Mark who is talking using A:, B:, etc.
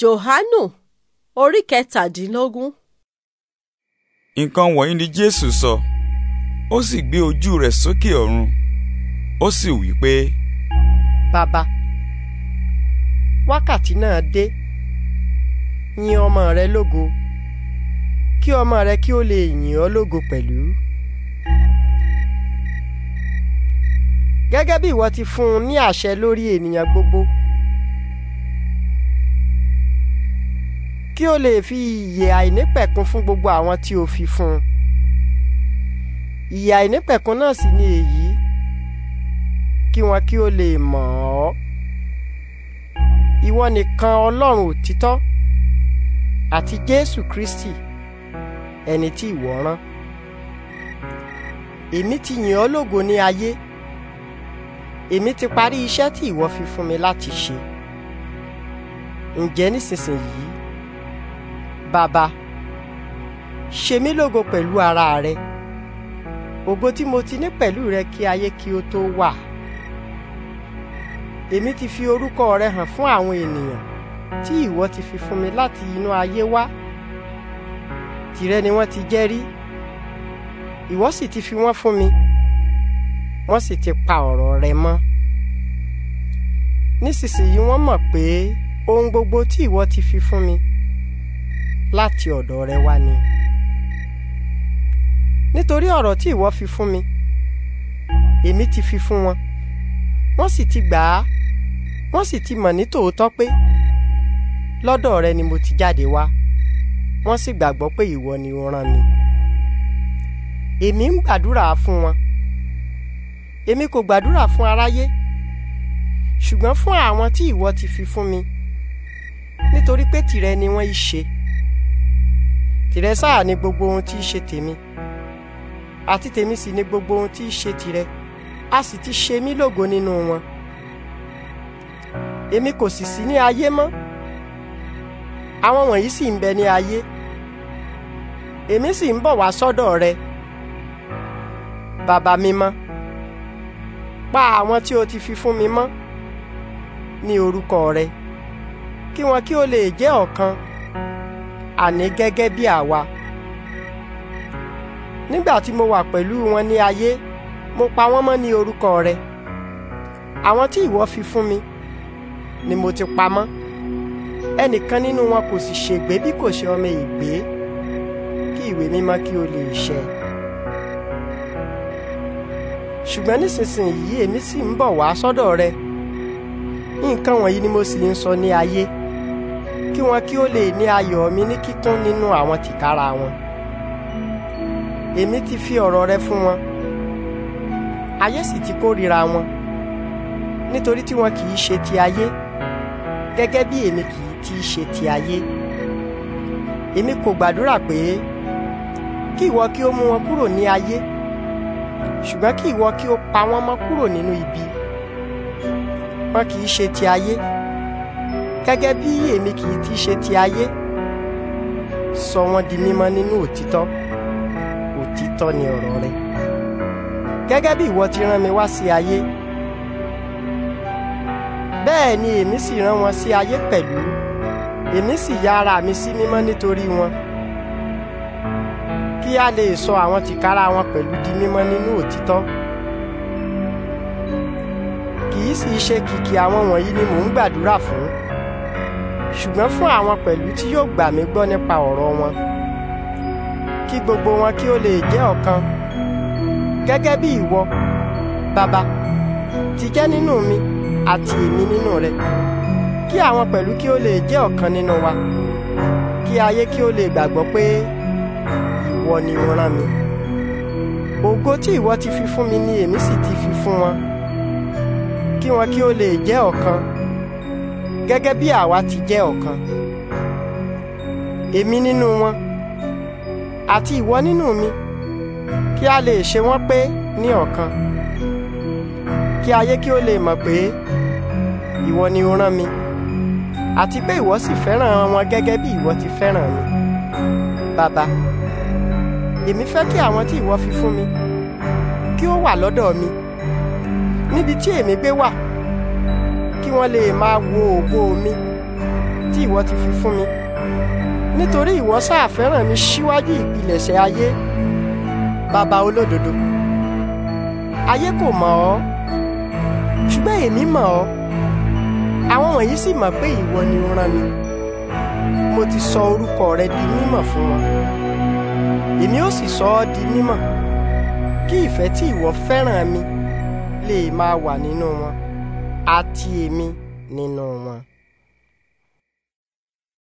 A: johanu orí kẹtàdínlógún. nǹkan wọ̀nyí ni jésù sọ ó sì gbé ojú rẹ̀ sókè ọ̀run ó sì wí pé. bàbá wákàtí náà dé yìn ọmọ rẹ lógo kí ọmọ rẹ kí ó lè yìn ọ́ lógo pẹ̀lú. gẹ́gẹ́ bí ìwọ ti fún un ní àṣẹ lórí ènìyàn gbogbo. kí o lè fi ìyè àìnípẹ̀kun fún gbogbo àwọn tí o fi fún un. ìyè àìnípẹ̀kun náà sì ni èyí kí wọn kí o lè mọ̀ ọ́. ìwọ nìkan ọlọ́run òtítọ́ àti Jésù Kristi ẹni tí ìwọ rán. èmi ti yìn ọ́ lógo ní ayé èmi ti parí iṣẹ́ tí ìwọ fi fún mi láti ṣe. ǹjẹ́ nísinsìnyí Baba, ṣe mí lógo pẹ̀lú ara rẹ ògo tí mo ti ní pẹ̀lú rẹ kí ayé kí ó tó wà èmi ti fi orúkọ rẹ hàn fún àwọn ènìyàn tí ìwọ ti fi fún mi láti inú ayé wá tìrẹ ni wọ́n ti jẹ́ rí ìwọ sì ti fi wọ́n fún mi wọ́n sì ti pa ọ̀rọ̀ rẹ mọ́ nísinsìnyí wọ́n mọ̀ pé ohun gbogbo tí ìwọ ti fi fún mi láti ọ̀dọ̀ rẹ wá ni nítorí ọ̀rọ̀ tí ìwọ fi fún mi èmi ti fi fún wọn wọ́n sì ti gbà á wọ́n sì ti mọ̀ ní tòótọ́ pé lọ́dọ̀ rẹ ni mo ti jáde wá wọ́n sì gbàgbọ́ pé ìwọ ni o rán mi èmi ń gbàdúrà fún wọn èmi kò gbàdúrà fún aráyé ṣùgbọ́n fún àwọn tí ìwọ ti fi fún mi nítorí pé tìrẹ ni wọ́n í ṣe tìrẹ sáà ni gbogbo ohun tí í ṣe tèmi àti tèmi sì ni gbogbo ohun tí í ṣe tìrẹ a sì ti ṣe mí lógo nínú wọn èmi kò sì sí ní ayé mọ́ àwọn wọ̀nyí sì ń bẹ ní ayé èmi sì ń bọ̀ wá sọ́dọ̀ rẹ bàbá mi mọ́ pa àwọn tí o ti fi fún mi mọ́ ní orúkọ rẹ kí wọn kí o lè jẹ́ ọ̀kan àní gẹ́gẹ́ bí àwa. Nígbà tí mo wà pẹ̀lú wọn ní ayé mo pa wọ́n mọ́ ní orúkọ rẹ àwọn tí ìwọ fi fún mi ni mo ti pa mọ́ ẹnìkan nínú wọn kò sì ṣègbé bí kò ṣe ọmọ ìgbé kí ìwé mímọ́ kí o lè ṣẹ ṣùgbọ́n nísinsìnyí èmi sì ń bọ̀ wá sọ́dọ̀ rẹ nǹkan wọ̀nyí ni mo sì ń sọ ní ayé kí wọn kí ó lè ní ayọ̀ mi ní kíkún nínú àwọn tìkára wọn èmi ti fi ọ̀rọ̀ rẹ fún wọn ayé sì ti kórìíra wọn nítorí tí wọn kì í ṣe ti ayé gẹ́gẹ́ bí èmi kì í ti ṣe ti ayé èmi kò gbàdúrà pé kí ìwọ kí ó mú wọn kúrò ní ayé ṣùgbọ́n kí ìwọ kí ó pa wọ́n mọ́ kúrò nínú ibi wọn kì í ṣe ti ayé gẹ́gẹ́ bí èmi kì í ti ṣe ti ayé sọ wọ́n di mímọ́ nínú òtítọ́ òtítọ́ ni ọ̀rọ̀ rẹ gẹ́gẹ́ bí ìwọ ti rán mi wá sí ayé bẹ́ẹ̀ ni èmi sì rán wọn sí ayé pẹ̀lú èmi sì ya ara mi sí mímọ́ nítorí wọn kí a lè sọ àwọn tìkára wọn pẹ̀lú di mímọ́ nínú òtítọ́ kì í sì ṣe kìkì àwọn wọ̀nyí ni mò ń gbàdúrà fún ṣùgbọ́n fún àwọn pẹ̀lú tí yóò gbà mí gbọ́ nípa ọ̀rọ̀ wọn kí gbogbo wọn kí ó lè jẹ́ ọ̀kan gẹ́gẹ́ bí ìwọ bàbá ti jẹ́ nínú mi àti èmi nínú rẹ kí àwọn pẹ̀lú kí ó lè jẹ́ ọ̀kan nínú wa kí ayé kí ó lè gbàgbọ́ pé ìwọ ni o rán mi ògo tí ìwọ ti fi fún mi ni èmi sì ti fi fún wọn kí wọn kí ó lè jẹ́ ọ̀kan gẹ́gẹ́ bí àwa ti jẹ́ ọ̀kan èmi nínú wọn àti ìwọ nínú mi kí a lè ṣe wọ́n pé ní ọ̀kan kí ayé kí ó lè mọ̀ pé ìwọ ni o rán mi àti pé ìwọ sì fẹ́ràn wọn gẹ́gẹ́ bí ìwọ ti fẹ́ràn mi bàbá èmi fẹ́ kí àwọn tí ìwọ fi fún mi kí ó wà lọ́dọ̀ mi níbi tí èmi gbé wà kí wọ́n lè máa wo ògo mi tí ìwọ ti fi fún mi nítorí ìwọ sáà fẹ́ràn mi síwájú ìpilẹ̀ṣẹ̀ ayé bàbá olódodo ayé kò mọ̀ ọ́ ṣùgbọ́n èmi mọ̀ ọ́ àwọn wọ̀nyí sì mọ̀ pé ìwọ ni ó rán mi mo ti sọ orúkọ rẹ di mímọ̀ fún wọn èmi ó sì sọ ọ́ di mímọ̀ kí ìfẹ́ tí ìwọ fẹ́ràn mi lè máa wà nínú wọn àti èmi nínú wọn.